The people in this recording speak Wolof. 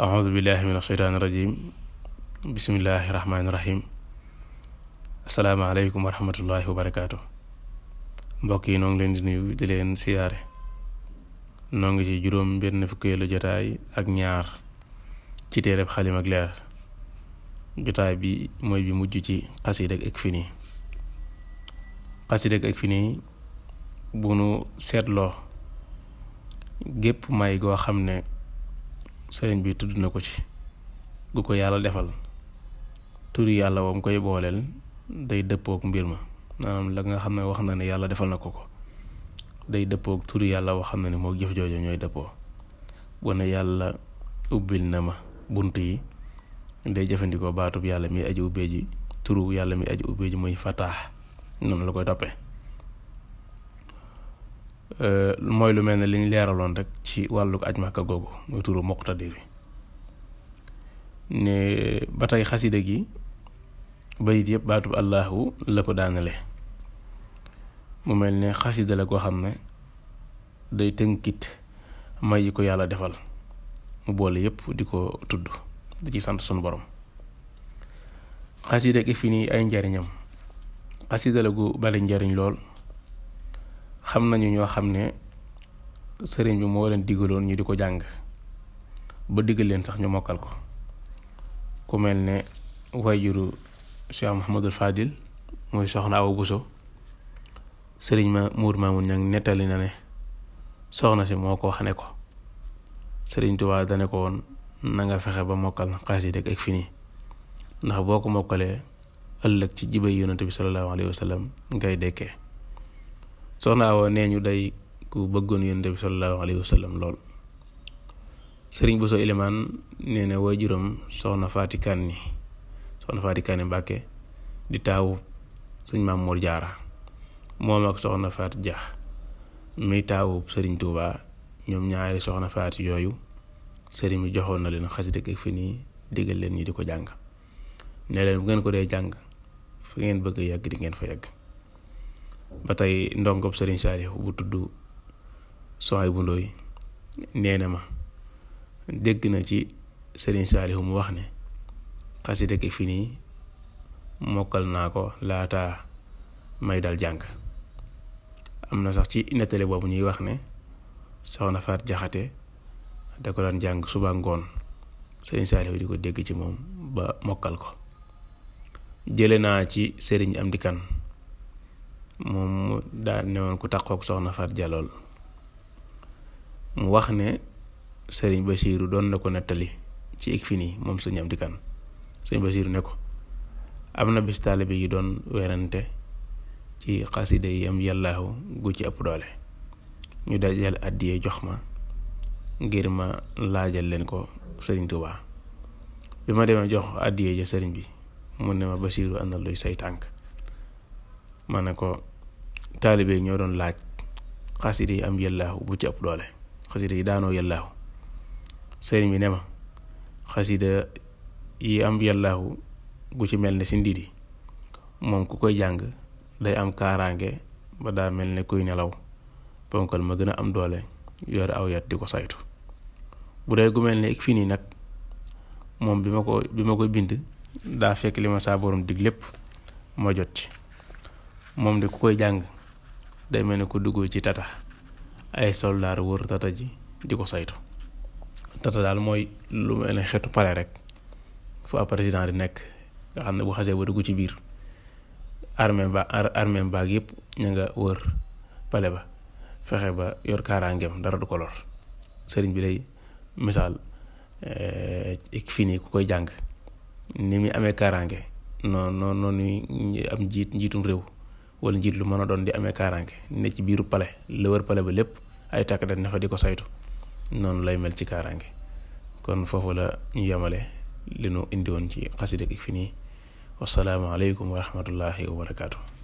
audu billahi min asheytaan irajim bismillahi rahmaani rahim asalaamaaleykum wa rahmatullahi wa barakaatu mbokk yi noo ngi leen di nuyu di leen siyaare noo ngi ci juróom benn fukkeelu jotaay ak ñaar ci téereb xalim ak leer jotaay bi mooy bi mujj ci xasida ak Ikfini xasida ak Ikfini bu nu seetloo gépp may goo xam ne sëriñ bi tudd na ko ci gu ko yàlla defal turi yàlla wam koy booleel day dëppook mbir ma maanaam la nga xam ne wax na ne yàlla defal na ko ko day dëppook turi yàlla wax xam ne ne moo jëf jooju ñooy dëppoo bu yàlla ubbil na ma bunt yi day jëfandikoo baatub yàlla mii aji ubbee ji turu yàlla mi aji ubbee ji muy fataax noonu la koy toppee Euh, mooy lu mel ne li leeraloon rek ci wàllu aj Makka googu muy turu Muqtadir ne ba tey xasida gi bayit yëpp baatub Allahu la ko daanale mu mel ne xasida la koo xam ne day tënkit may yi ko yàlla defal mu boole yëpp di ko tudd di ci sant sunu borom xasida gi fi nii ay njariñam xasida la gu bari njariñ lool xam nañu ñoo xam ne sëriñ bi moo leen digaloon ñu di ko jàng ba digg leen sax ñu mokkal ko ku mel ne wayjuru Cheikh Mouhamadul Fadil muy soxna Awa Bousso sëriñ ma muur maamun ña nettali na ne soxna si moo ko wax ne ko sëriñ Tuubaa dane ko woon na nga fexe ba mokkal na xasida ak fini ndax boo ko mokkalee ëllëg ci jibay yonante bi sallallahu alayhi wa sallam ngay dekkee soxna Awa nee ñu day ku bëggoon yonent bi sallallahu alayhi wa sallam lool sëriñ Bousso Ilimaan nee na waajuram soxna Faati Kanni soxna Faati Kanni Mbàkke di taawu sëñ Maam Mor Jaara moom ak soxna faat Dia muy taawu sëriñ tuuba ñoom ñaari soxna Faati yooyu sëriñ bi joxoon na leen xas dëkk fi nii digal leen ñi di ko jàng ne leen bu ngeen ko dee jàng fu ngeen bëgg yàgg di ngeen fa yàgg ba tey ndongob sëriñ Saaliw bu tudd soxay bu ndooy nee ma dégg na ci sëriñ Saaliw mu wax ne xasida gi fi nii mokkal naa ko laata may dal jàng am na sax ci nettali boobu ñuy wax ne soxna Faat Jaxate da ko daan jàng suba ngoon sëriñ Saaliw di ko dégg ci moom ba mokkal ko jële naa ci sëriñ Amdi Kan moom mu daal ne woon ku taqook soxna Fat Jalool mu wax ne sëriñ Basiiru doon na ko nettali ci ik fi nii moom sëñ Amdi Kan sëñ Basiiru ne ko am na bis taalibe yi doon werante ci xasida yi am yàllaahu gu ci ëpp doole ñu dajal àddiyee jox ma ngir ma laajal leen ko sëriñ Tuubaa bi ma demee jox àddiyee ja sëriñ bi mu ne ma Basiiru ana luy say tànk ma ne ko taalibe yi ñoo doon laaj xasida yi am yëllaahu bu ci ëpp doole xasida yi daanoo yëllaahu sëriñ bi ne ma xasida yi am yàllaahu gu ci mel ni si ndiidi moom ku koy jàng day am kaaraange ba daa mel ni kuy nelaw ponkal ma gën a am doole yore aw di ko saytu bu dee gu mel ni ak fii nii nag moom bi ma ko bi ma ko bind daa fekk li ma saa borom lépp ma jot ci moom de ku koy jàng day mel ni ko dugg ci tata ay soldaar wër tata ji di ko saytu tata daal mooy lu mel ne xeetu pare rek fu ab président di nekk nga xam ne bu xasee ba dugg ci biir armée ba armée baag yëpp ñu nga wër pale ba fexe ba yor kaaraangeem dara du ko lor sëriñ bi day misaal ik eh, fii nii ku koy jàng ni muy amee kaaraange noonu noonu am njiitum réew wala njiit lu mën a doon di amee kaaraange ne ci biiru pale la wër pale ba lépp ay takk dañ ne fa di ko saytu noonu lay mel ci kaaraange kon foofu la ñu yemale li nu indi woon ci xasida gi fi nii wasalaamaaleykum wa rahmatullahi wa barakaatu.